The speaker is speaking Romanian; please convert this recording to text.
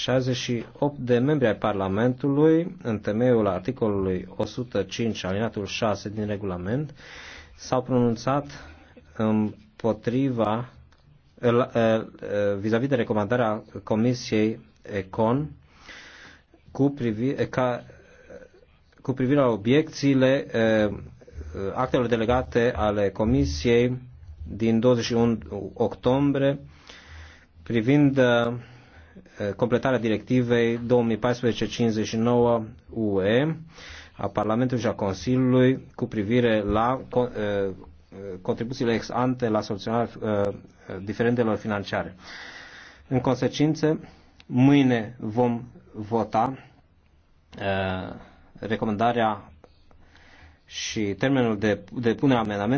68 de membri ai Parlamentului, în temeiul articolului 105 alinatul 6 din regulament, s-au pronunțat împotriva eh, eh, eh, vis-a-vis -vis de recomandarea Comisiei Econ cu, privi, ca, cu privire la obiecțiile actelor delegate ale Comisiei din 21 octombrie privind Eh, completarea directivei 2014-59 UE a Parlamentului și a Consiliului cu privire la eh, contribuțiile ex ante la soluționarea eh, diferendelor financiare. În consecință, mâine vom vota recomandarea și termenul de depunere a amendamentului